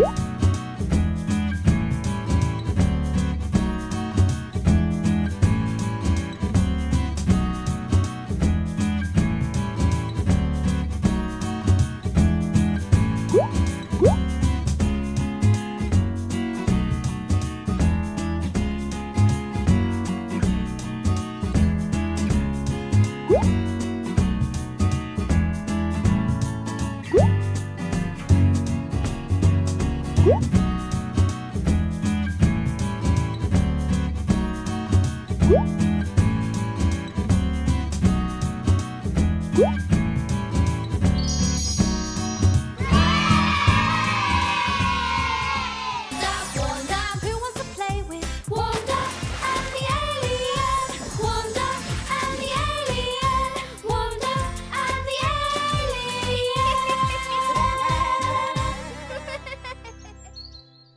음? Woo! Hum? Hum?